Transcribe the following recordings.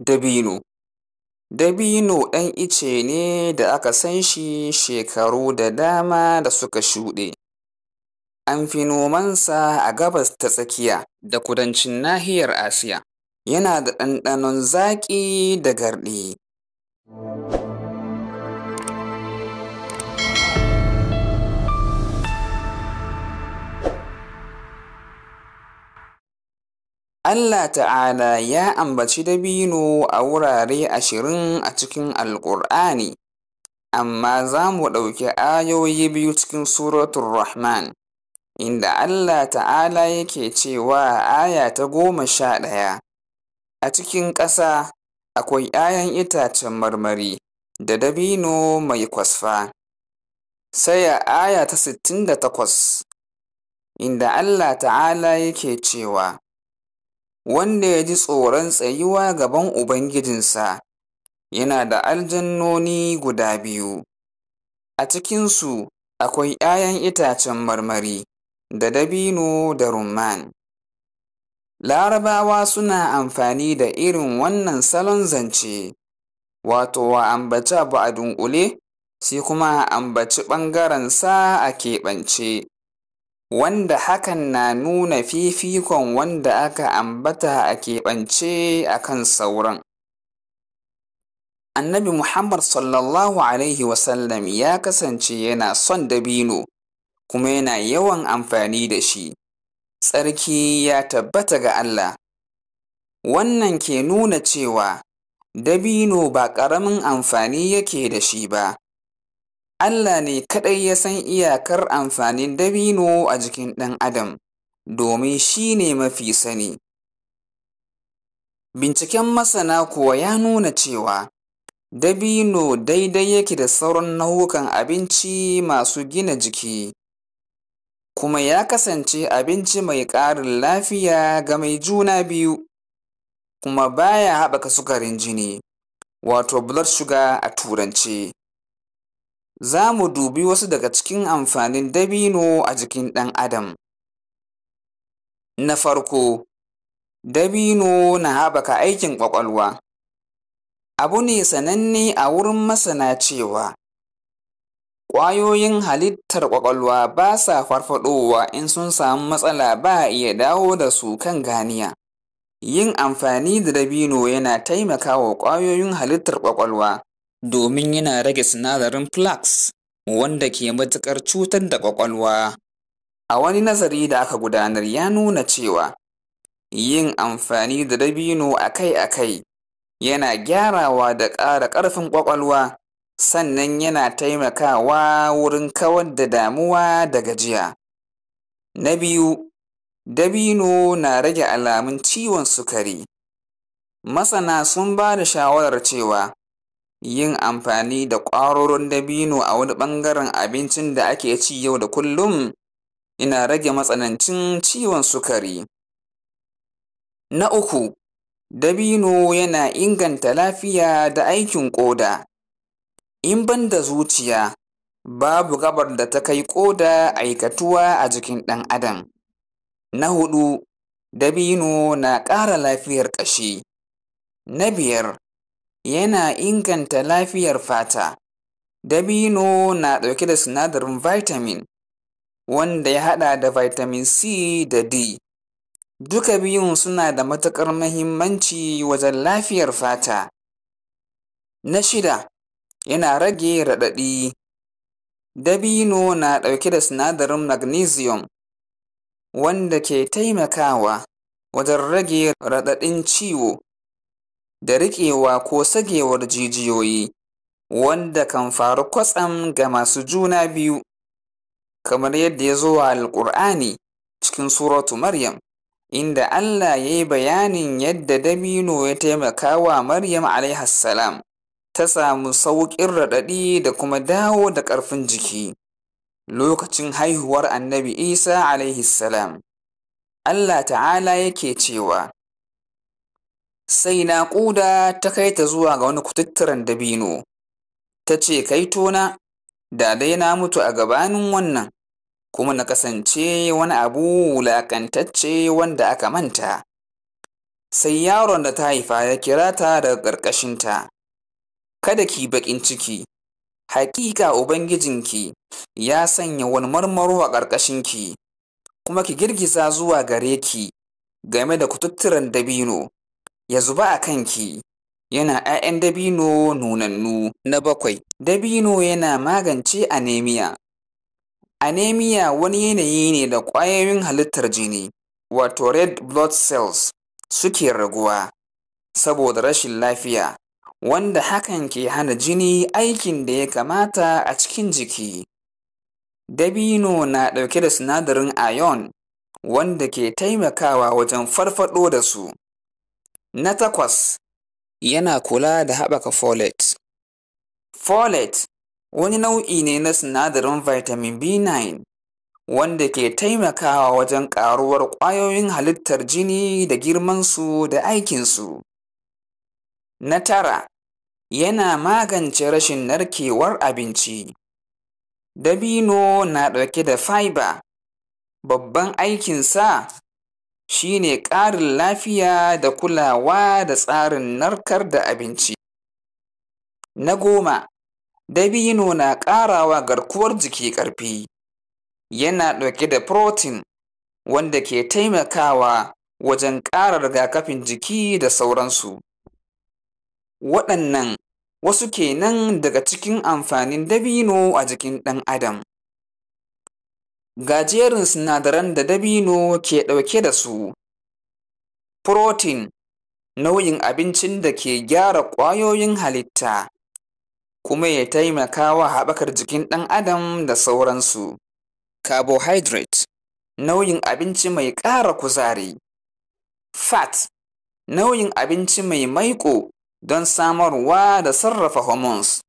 Dabino Dabino ɗan ice ne da aka san shi shekaru da dama da suka shuɗe. An fi nomansa a Gabas ta Tsakiya da kudancin nahiyar Asiya. Yana da ɗanɗanon zaƙi da garɗi. Allah ta'ala ya ambaci dabino a wurare ashirin a cikin Alƙur'ani, amma za mu ɗauki ayoyi biyu cikin Suratun Rahman, inda Allah ta'ala yake cewa aya ta goma sha ɗaya. A cikin ƙasa akwai ‘ya'yan itacen marmari da dabino mai kwasfa. Sai a aya ta sittin da takwas, inda Allah ta'ala yake cewa wanda ya ji tsoron tsayuwa gaban Ubangijinsa, yana da aljannoni guda biyu, a cikinsu akwai ‘ya'yan itacen marmari da dabino da rumman. Larabawa suna amfani da irin wannan salon zance, wato wa ambaci abu a dunƙule, sai kuma a ambaci sa a keɓance. wanda hakan na nuna fifikon wanda aka ambata a keɓance a kan sauran annabi muhammad sallallahu alaihi wasallam ya kasance yana son dabino kuma yana yawan amfani da shi tsarki ya tabbata ga allah wannan ke nuna cewa dabino ba ƙaramin amfani yake da shi ba Allah ne kaɗai ya san iyakar amfanin dabino a jikin ɗan adam, domin shi ne mafi sani. Binciken masana kuwa ya nuna cewa dabino daidai yake da sauran nau'ukan abinci masu gina jiki, kuma ya kasance abinci mai ƙarin lafiya ga mai juna biyu, kuma baya haɓaka sukarin jini, wato blood sugar a Turance. za mu dubi wasu daga cikin amfanin dabino a jikin ɗan adam na farko dabino na haɓaka aikin ƙwaƙwalwa abu ne sananne a wurin masana cewa ƙwayoyin halittar ƙwaƙwalwa ba sa farfaɗowa in sun samu matsala ba a iya dawo da su kan ganiya yin amfani da dabino yana taimakawa ƙwayoyin halittar ƙwaƙwalwa domin yana rage sinadarin plaques wanda ke matuƙar cutar da ƙwaƙwalwa. A wani nazari da aka gudanar ya nuna cewa yin amfani da dabino akai-akai yana gyarawa da ƙara ƙarfin ƙwaƙwalwa sannan yana taimakawa wurin kawar da damuwa da gajiya. Na biyu, dabino na rage alamun ciwon sukari. Masana sun ba da shawarar cewa yin amfani da ƙwaroron dabino a wani ɓangaren abincin da ake ci yau da kullum ina rage matsanancin ciwon sukari. Na uku, dabino yana inganta lafiya da aikin ƙoda. In ban da zuciya, babu gabar da ta kai ƙoda aikatuwa a jikin ɗan adam. Na hudu, dabino na ƙara lafiyar ƙashi. Na biyar, yana inganta lafiyar fata. Dabino na ɗauke da sinadarin vitamin, wanda ya haɗa da vitamin C da D. Duka biyun suna da matuƙar mahimmanci wajen lafiyar fata. Na shida, yana rage raɗaɗi. Dabino na ɗauke da sinadarin magnesium, wanda ke taimakawa wajen rage raɗaɗin ciwo da riƙewa ko sagewar jijiyoyi wanda kan faru kwatsam ga masu juna biyu kamar yadda ya zo a alƙur'ani cikin suratu maryam inda allah ya yi bayanin yadda dabino ya taimaka wa maryam salam ta samu sauƙin raɗaɗi da kuma dawo da ƙarfin jiki lokacin haihuwar annabi isa salam allah ta'ala yake cewa sai naƙuda ta kai ta zuwa ga wani kututturan dabino ta ce kai tona da dai na mutu a gabanin wannan kuma na kasance wani abu wulaƙantacce wanda aka manta sai yaron da ta haifa ya kira ta daga ƙarƙashinta kada ki baƙin ciki haƙiƙa ubangijinki ya sanya wani marmaro a ƙarƙashinki kuma ki girgiza zuwa gare ki game da kututturen dabino ya zuba a kanki yana 'ya'yan dabino nunannu na bakwai dabino yana magance anemia anemia wani yanayi ne da ƙwayoyin halittar jini wato red blood cells suke raguwa saboda rashin lafiya wanda hakan ke hana jini aikin da ya kamata a cikin jiki dabino na ɗauke da sinadarin ion, wanda ke taimakawa wajen farfaɗo da su Na takwas, yana kula da haɓaka folate. Folate wani nau'i ne na sinadarin vitamin B9 wanda ke taimakawa wajen ƙaruwar ƙwayoyin halittar jini da girmansu da aikinsu. Na tara, yana magance rashin narkewar abinci. Dabino na ɗauke da fiber, babban aikinsa shi ne ƙarin lafiya da kulawa da tsarin narkar da abinci. Na goma, dabino na ƙarawa garkuwar jiki ƙarfi. Yana ɗauke da protein wanda ke taimakawa wajen ƙara rigakafin jiki da sauransu. Waɗannan wasu kenan daga cikin amfanin dabino a jikin ɗan Adam. gajerun sinadaran da dabino ke ɗauke da su. Protein nau'in abincin da ke gyara ƙwayoyin halitta kuma ya taimaka wa haɓakar jikin ɗan adam da sauransu. Carbohydrate nau'in abinci mai ƙara kuzari. Fat nau'in abinci mai maiƙo don samarwa da sarrafa hormones.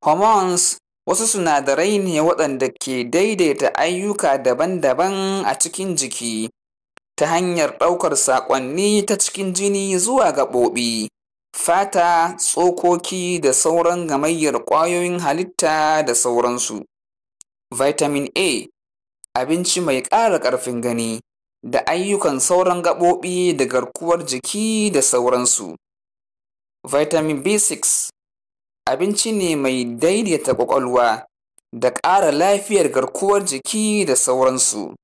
Hormones wasu sinadarai ne waɗanda ke daidaita ayyuka daban-daban a cikin jiki ta hanyar ɗaukar saƙonni ta cikin jini zuwa gaɓoɓi fata tsokoki da sauran gamayyar ƙwayoyin halitta da sauransu vitamin a abinci mai ƙara ƙarfin gani da ayyukan sauran gaɓoɓi da garkuwar jiki da sauransu vitamin b6 abinci ne mai daidaita ƙwaƙwalwa da ƙara lafiyar garkuwar jiki da sauransu.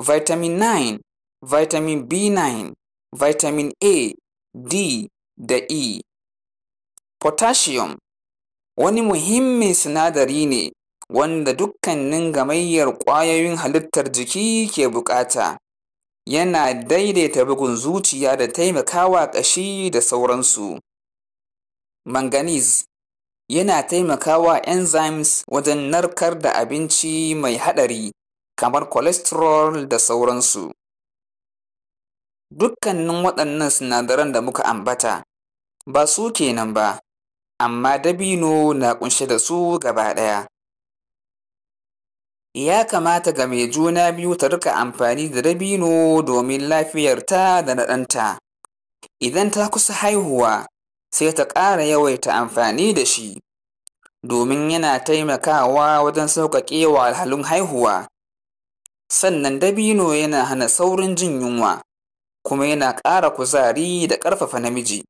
Vitamin 9, Vitamin B9, Vitamin A, D da E. Potassium wani muhimmin sinadari ne wanda dukkanin gamayyar ƙwayoyin halittar jiki ke buƙata. Yana daidaita bugun zuciya da taimakawa ƙashi da sauransu. manganese yana taimakawa enzymes wajen narkar da abinci mai haɗari kamar cholesterol da sauransu. Dukkanin waɗannan sinadaran da muka ambata ba su kenan ba, amma dabino na ƙunshe da su gaba ɗaya. Ya kamata ga mai juna biyu ta rika amfani da dabino domin lafiyarta da na ɗanta. Idan ta kusa haihuwa, sai ta ƙara yawaita amfani da shi domin yana taimakawa wajen sauƙaƙe wa alhalun haihuwa sannan dabino yana hana saurin jin yunwa kuma yana ƙara kuzari da ƙarfafa namiji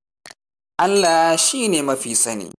Allah shi ne mafi sani